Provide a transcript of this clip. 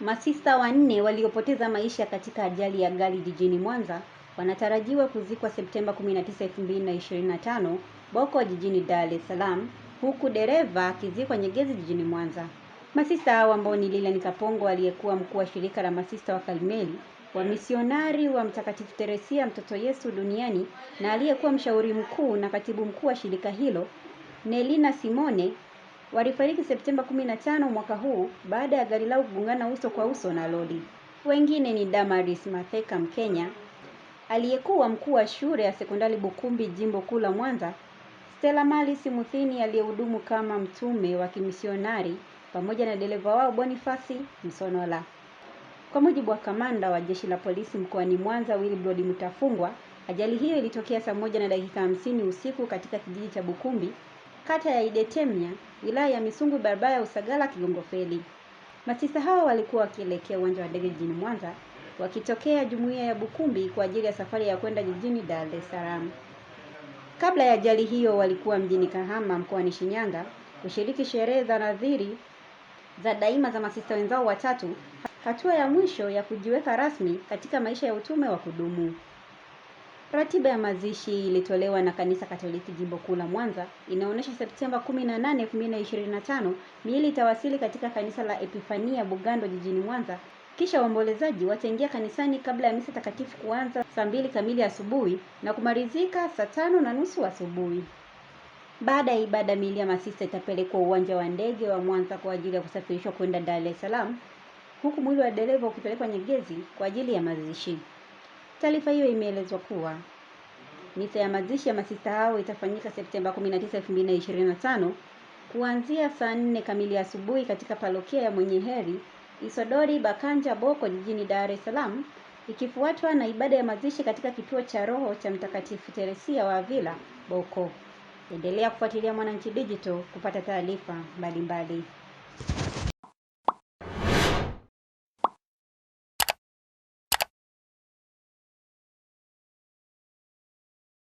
Masista wanne waliopoteza maisha katika ajali ya gari jijini Mwanza wanatarajiwa kuzikwa Septemba 19, 2025 Boko jijini Dar es Salaam, huku dereva akizikwa Nyegezi jijini Mwanza. Masista hao ambao ni Lilian Kapongo aliyekuwa mkuu wa shirika la masista wa Karmeli misionari wa Mtakatifu Teresia mtoto Yesu duniani na aliyekuwa mshauri mkuu na katibu mkuu wa shirika hilo Nelina Simone walifariki Septemba 15 mwaka huu baada ya gari lao kugongana uso kwa uso na lori. Wengine ni Damaris Matheka Mkenya aliyekuwa mkuu wa shule ya sekondari Bukumbi jimbo kuu la Mwanza, Stella Malis Muthini aliyehudumu kama mtume wa kimisionari pamoja na dereva wao Bonifasi Msonola. Kwa mujibu wa kamanda wa jeshi la polisi mkoani Mwanza Wilbrod mtafungwa ajali hiyo ilitokea saa moja na dakika hamsini usiku katika kijiji cha Bukumbi kata ya idetemia wilaya ya Misungwi, barabara ya Usagara Kigongo Feri. Masista hao walikuwa wakielekea uwanja wa ndege jijini Mwanza wakitokea jumuiya ya Bukumbi kwa ajili ya safari ya kwenda jijini Dar es Salaam. Kabla ya ajali hiyo, walikuwa mjini Kahama mkoani Shinyanga kushiriki sherehe za nadhiri za daima za masista wenzao watatu, hatua ya mwisho ya kujiweka rasmi katika maisha ya utume wa kudumu. Ratiba ya mazishi ilitolewa na Kanisa Katoliki Jimbo Kuu la Mwanza inaonyesha Septemba 18, 2025 miili itawasili katika Kanisa la Epifania Bugando jijini Mwanza, kisha waombolezaji wataingia kanisani kabla ya misa takatifu kuanza saa mbili kamili asubuhi na kumalizika saa tano na nusu asubuhi. Baada ya ibada, miili ya masista itapelekwa uwanja wa ndege wa Mwanza kwa ajili ya kusafirishwa kwenda Dar es Salaam, huku mwili wa dereva ukipelekwa Nyegezi kwa ajili ya mazishi. Taarifa hiyo imeelezwa kuwa misa ya mazishi ya masista hao itafanyika Septemba 19, 2025 kuanzia saa nne kamili asubuhi katika parokia ya Mwenye Heri Isodori Bakanja Boko jijini Dar es Salaam ikifuatwa na ibada ya mazishi katika kituo cha roho cha Mtakatifu Teresia wa Avila Boko. Endelea kufuatilia Mwananchi Digital kupata taarifa mbalimbali.